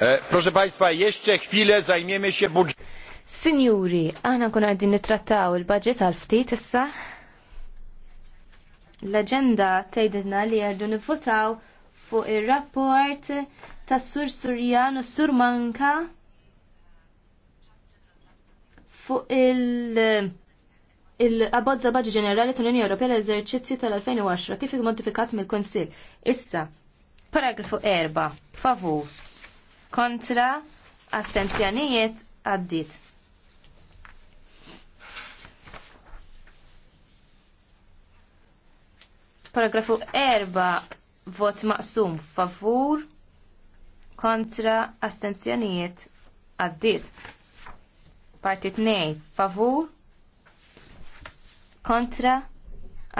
E, proszę Państwa, jeszcze chwilę zajmiemy się budżetem. Sinjuri, aħna kun għaddin nitrattaw il-budget għal-ftit issa. L-agenda tgħidilna li għaddu nivvotaw fuq ir-rapport tas Sur Surjan u Sur Manka fuq il- il-abbozza Baġġi ġenerali tal-Unjoni Ewropea l-eżerċizzju tal-2010 kif modifikat mill-Konsil. Issa, paragrafu 4, favur, kontra astenzjonijiet għaddit. Paragrafu 4 vot maqsum favur kontra astenzjonijiet għaddit. Parti 2 favur kontra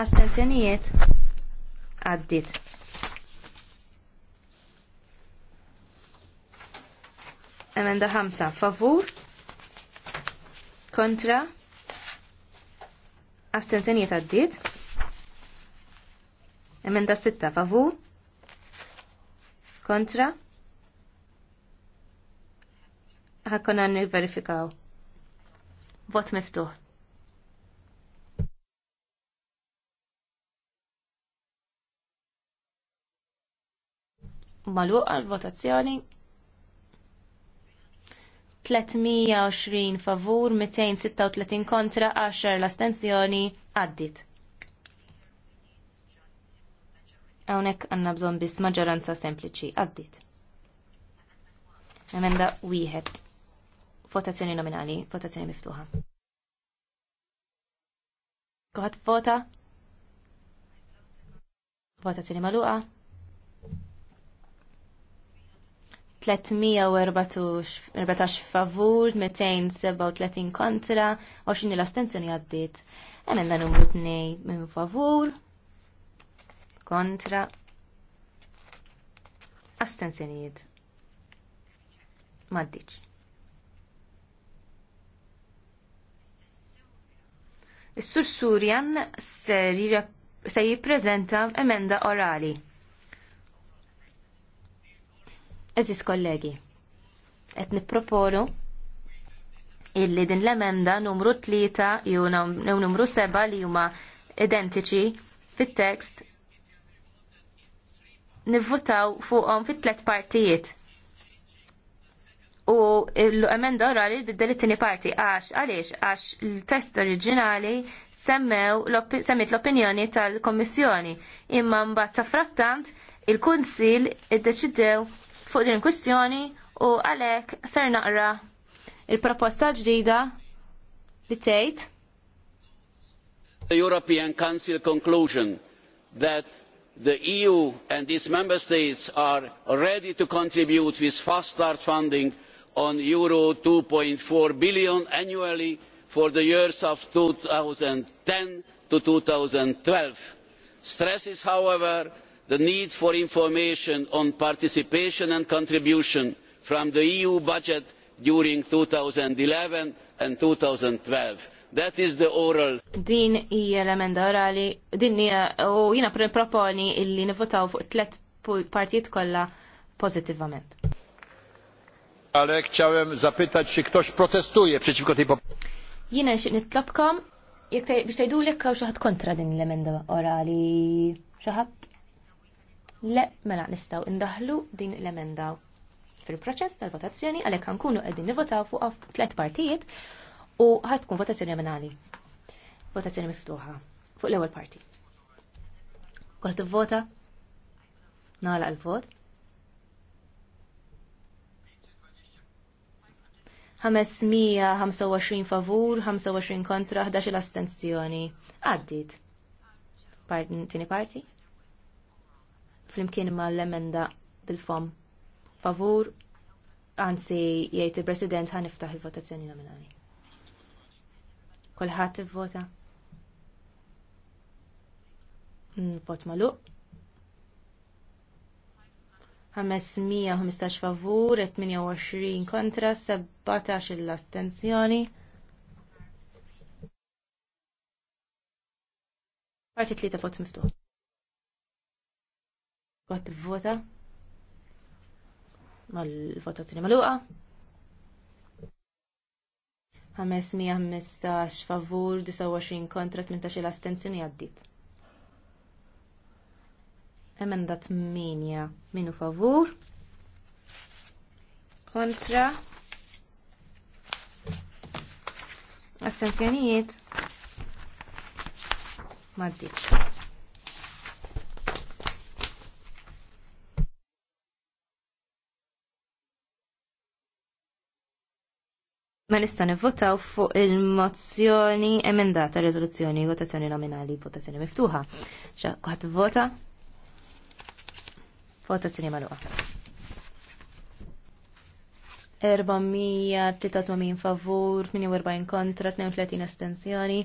astenzjonijiet għaddit. Emenda 5 favur kontra astenzjonijiet għaddiet. Emenda 6 favur kontra ħakkon għan verifikaw. Vot miftuħ. Malu għal-votazzjoni 320 favur, 236 kontra, 10 l-astenzjoni għaddit. Għawnek għanna bżon bis maġġoranza sempliċi għaddit. Emenda wieħed. Votazzjoni nominali, votazzjoni miftuħa. Kuħat vota? Votazzjoni maluqa? 314 favur, 237 kontra, 20 l-astenzjoni għaddit. Emenda numru 2 minn favur, kontra, astenzjonijiet. Maddiċ. Is-Sur Surjan jippreżenta emenda orali. Eżis kollegi, qed nipproponu illi din l-emenda numru 3 jew numru 7 li huma identiċi fit-tekst nivvutaw fuqhom fit-tlet partijiet. U l-emenda orali biddel it-tieni parti għax għaliex għax l-test oriġinali semmew semmit l-opinjoni tal-Kommissjoni imma mbagħad sa frattant il-Kunsil iddeċidew fuq din kwistjoni u għalek ser naqra il-proposta ġdida li tgħid The European Council conclusion that the EU and its member states are ready to contribute with fast start funding on euro 2.4 billion annually for the years of 2010 to 2012 stresses however the need for information on participation and contribution from the eu budget during 2011 and 2012. That is the oral. Din hija l-emenda orali, din hija u jiena proponi illi nivvotaw fuq tliet partijiet kollha pozytywament. Ale chciałem zapytać, czy ktoś protestuje przeciwko tej poprawce? Jiena xi nitlobkom jekk biex tgħidulek kontra din l-emenda orali xi ħadd? Le, mela nistaw indaħlu din l-emenda fil-proċess tal-votazzjoni għalhekk nkunu qegħdin nivotaw fuq tliet partijiet u ħadkun votazzjoni nominali. Votazzjoni miftuħa fuq l-ewwel parti. Kont vota nagħlaq l vot ħames 525 favur, 25 kontra, 11 astensjoni. Għaddit. Tieni parti? flimkien ma l-emenda bil-fom. Favur, anzi jgħid il-President għan niftaħ il-votazzjoni nominali. Kolħat il-vota? Hmm, vot maluq. 515 favur, 28 kontra, 17 il astenzjoni Parti 3 vot miftuħ. Għat vota Mal-votazzjoni maluqa. 515 favur, 29 kontra, 18 l-astenzjoni għaddit. Emenda 8 minu favur. Kontra. Astenzjonijiet. Maddiċ. Ma nista' nivvotaw fuq il-mozzjoni emendata riżoluzzjoni votazzjoni nominali votazzjoni miftuħa. Xa kħat vota votazzjoni maluqa. 483 favur, 48 kontra, 32 astensjoni.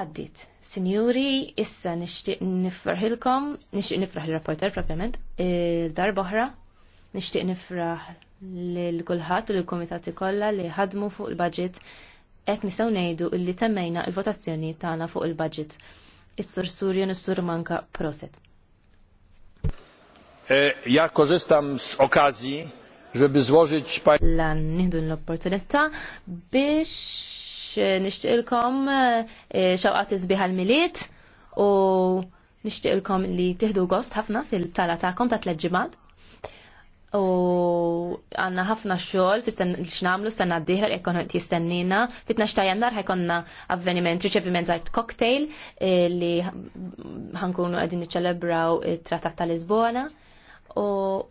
Għaddit. Sinjuri, issa nixtieq nifraħilkom, nixtieq nifraħ rapporter propjament, il-darba oħra Nixtieq nifraħ lil kulħadd u lill-kumitati kollha li ħadmu fuq il-budget hekk nistgħu ngħidu li temmejna l-votazzjoni tagħna fuq il-budget. Is-sur Surjon is-sur Manka Proset. E, ja korzystam z okazji, żeby złożyć Lan nieħdu l-opportunità biex e, nixtieqilkom e, xewqat isbiħa l-miliet u nixtieqilkom li tieħdu gost ħafna fil-tala tagħkom ta' ġimgħat u għanna ħafna xogħol biex nagħmlu stanna d-dieħla li jistennina. Fitna 12 ta' jannar ħajkonna avveniment riċeviment żgħar cocktail eh, li ħankunu qegħdin niċċelebraw it-Trattat ta' Lisbona u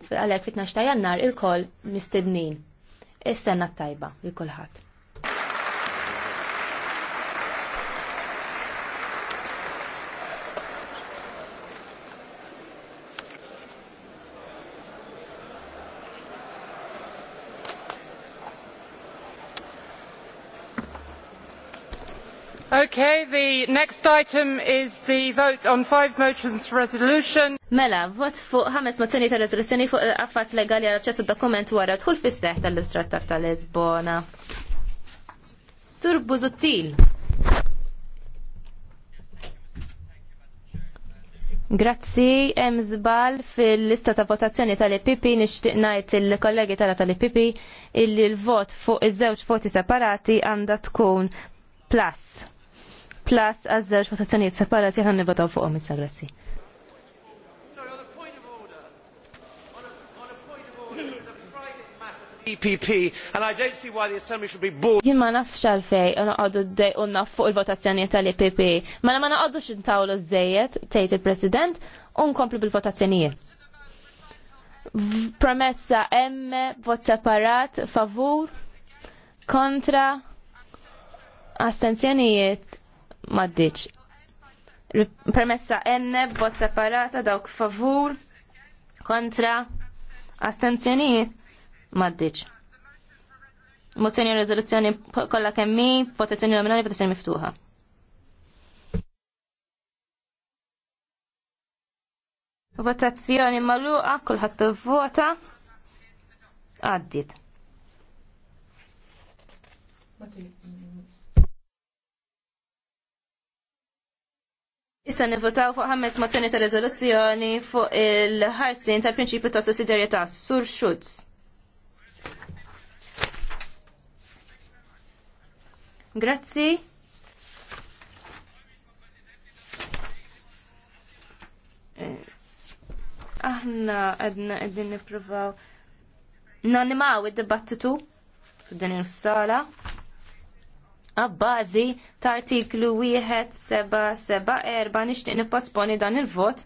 għalhekk fitna 12 ta' jannar il kol mistednin. is tajba il kulħadd. the next item is the vote on five motions for resolution. Mela, vot fuq ħames mozzjoni ta' rezoluzzjoni fuq affas legali għal ċessu dokument wara dħul fis seħ tal-istrattat tal-Lisbona. Sur Buzuttil. Grazzi, hemm żball fil-lista ta' votazzjoni tal-IPP nixtieq ngħid il-kollegi tagħna tal-IPP illi l-vot fuq iż-żewġ voti separati għandha tkun plus plus għaż-żewġ votazzjonijiet separati ħan nivotaw fuqhom issa grazzi. EPP e and I don't see why the assembly should be bored. Jien ma nafx għalfej noqogħdu naf fuq il-votazzjonijiet tal-EPP. Mela ma noqogħdux intawlu żejjed tgħid il-President u nkomplu bil-votazzjonijiet. Promessa M, vot separat, favur, kontra, astenzjonijiet maddiċ. Permessa enne, bot separata, dawk favur, kontra, astenzjonijiet, maddiċ. Mozzjoni u rezoluzzjoni kolla kemmi, votazzjoni nominali, votazzjoni miftuħa. Votazzjoni magħluqa, kulħadd vota għaddit. Issa nivotaw fuq ħames mozzjoni ta' rezoluzzjoni fuq il-ħarsin tal-prinċipju ta' sussidjarjetà sur Schutz. Grazzi. Eh, aħna għadna għedin niprovaw nanimaw id-dibattitu f'din il-sala għabbażi ta' artiklu 1774 nixtieq nipposponi dan il-vot.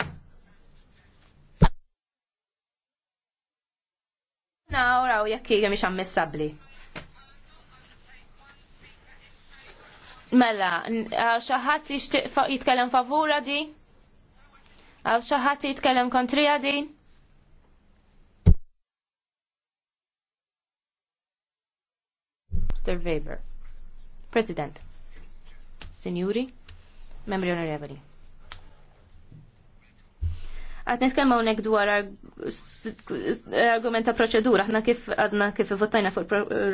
Nawraw jekk hija mhix ammissabbli. Mela, xi ħadd jixtieq jitkellem favura di? Għaw xi ħadd jitkellem kontrija din? Mr. Weber. President, Signori, Membri Onorevoli. Għad niskelma unek dwar argumenta proċedura, aħna kif għadna kif votajna fuq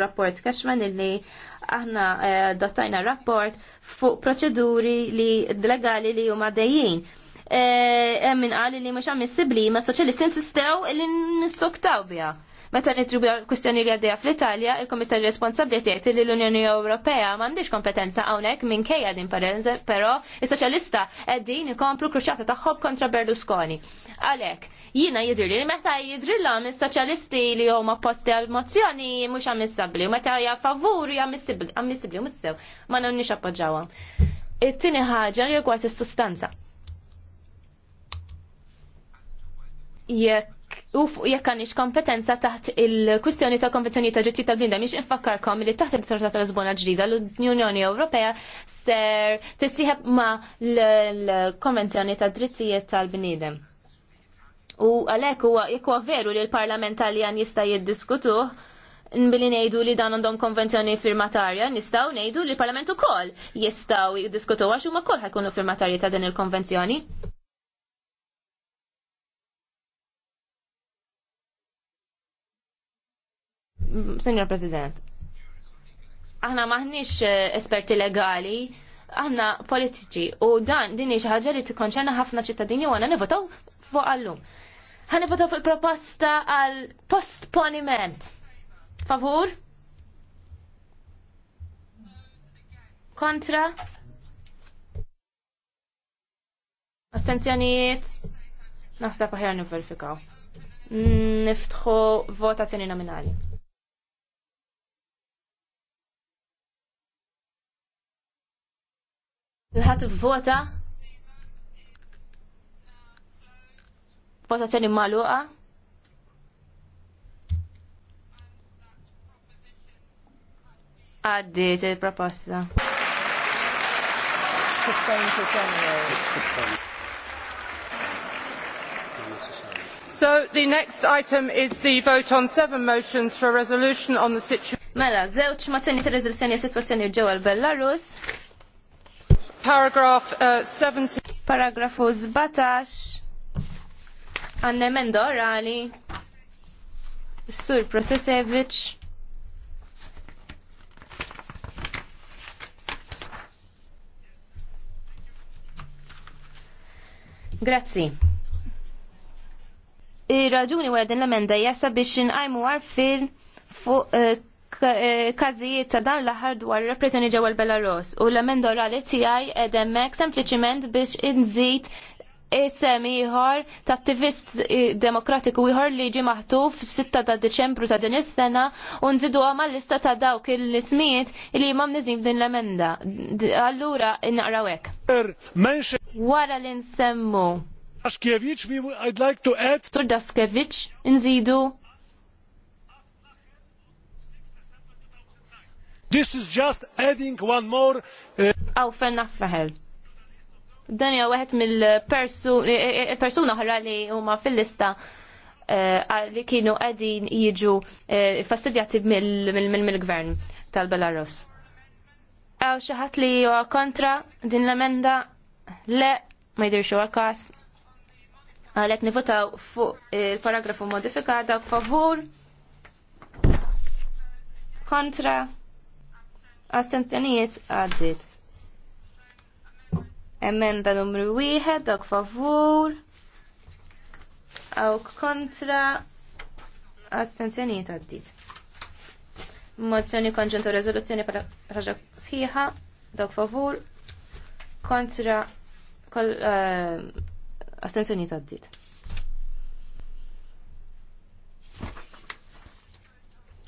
rapport Cashman illi aħna eh, dotajna rapport fuq proċeduri li legali li huma dejjin. Eh, hemm min li mhux għamissibli ma soċjalistin sistew illi nissoktaw bija. Meta nitribu kwistjoni li għaddejja fl-Italja, il-Komissarju responsabbli tgħid li l-Unjoni Ewropea m'għandix kompetenza hawnhekk minkejja din però is-soċjalista qegħdin ikomplu kruċjata tagħhom kontra Berlusconi. Għalhekk, jina jidri li meta jidri l soċjalisti li huma posti għal mozzjoni mhux u meta hija favuri ammissibbli, mhux sew, ma nonniex appoġġawhom. It-tieni ħaġa li rigward is-sustanza. Jekk u jekk għandix kompetenza taħt il kustjoni ta' konvenzjoni ta' ġitti ta' blinda miex infakkarkom li taħt il-Trattat ta' Lisbona ġdida l-Unjoni Ewropea ser tissieħeb ma' l-Konvenzjoni ta' Drittijiet tal-Bniedem. U għalhekk huwa jekk huwa veru li l-Parlament Taljan jista' jiddiskutu nbili nejdu li dan għandhom konvenzjoni firmatarja, nistaw nejdu li l-Parlament ukoll jistaw jiddiskutu għax huma kollha jkunu firmatarji ta' din il-konvenzjoni. Senjor President, aħna maħniex eh, esperti legali, aħna politiċi u dan din hija ħaġa li tikkonċerna ħafna ċittadini u għana nivotaw fuq għallum. Ħanivotaw fuq il-proposta għal postponiment. Favur? Kontra? Astenzjonijiet? Naħseb aħjar nivverifikaw. Niftħu votazzjoni nominali. Il-ħat vota. Votazzjoni maluqa. Għaddit il-proposta. So the next item is the vote on seven motions for a resolution on the situation. Mela, zewċ ma' mazzjoni ta' rezoluzzjoni situazzjoni ġewel Belarus paragraph uh, 17. Paragrafu 17. Għanne emenda orali. Sur Protasevich. Grazzi. il raġuni għu din l-emenda jasa biex inqajmu għarfil fuq uh, Eh, każijiet ta' dan l ħar dwar repressjoni ġewwa l-Belarus u l-emenda orali tiegħi qed hekk sempliċiment biex inżid isem ieħor ta' attivist eh, demokratiku ieħor li ġi maħtuf 6 ta' Deċembru ta' din is-sena u nżidu għamal lista ta' dawk il-ismijiet li ma' mniżin din l-emenda. Allura hekk. Wara li nsemmu. Daskevich, I'd like to add. Tur Daskevich, nżidu This is just adding one more. Uh, Aw fenna nafraħel. Dan hija wieħed mill-persuna eh, eh, eh, oħra li huma fil-lista li kienu qegħdin jiġu fastidjati mill-gvern tal-Belarus. Għaw xaħat li huwa kontra din l-emenda le ma jdirx huwa każ. Għalhekk nifutaw fuq il-paragrafu modifikata favur kontra Astenzjonijiet għaddit. Emenda numru wieħed dak favur. Awk kontra. Astenzjonijiet għaddit. Mozzjoni konġentu rezoluzzjoni pala raġa sħiħa. Dak favur. Kontra. Kol, uh, astenzjonijiet għaddit.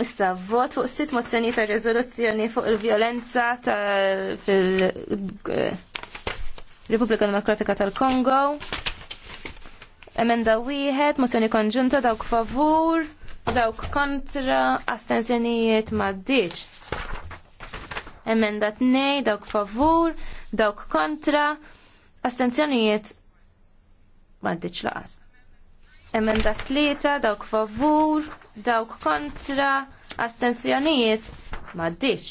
Issa, vot fuq sitt mozzjoni ta' rezoluzzjoni fuq il-violenza fil-Repubblika Demokratika tal-Kongo. Emenda wieħed, mozzjoni konġunta dawk favur, dawk kontra, astensjonijiet ma' diċ. Emenda nej dawk favur, dawk kontra, astensjonijiet ma' laqas. Emenda tlieta, dawk favur, dawk kontra, astensjonijiet, maddiċ.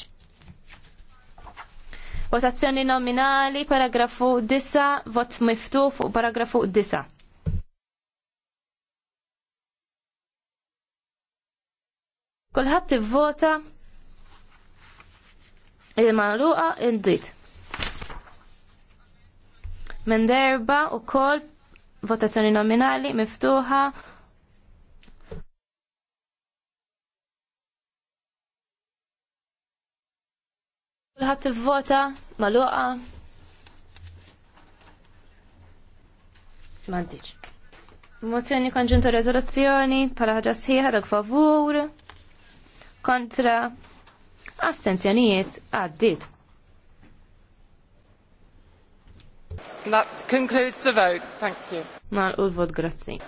Votazzjoni nominali, paragrafu disa, vot miftu fuq paragrafu Kolħat Kulħadd vota il-magħluqa indit. Minn derba u kol votazzjoni nominali miftuħa. Kulħadd ivvota magħluqa. M'għandix. Mozzjoni konġunta rezoluzzjoni bħala ħaġa sħiħa dak favur kontra astenzjonijiet għaddit. That concludes the vote. Thank you. Mal u vot grazzi.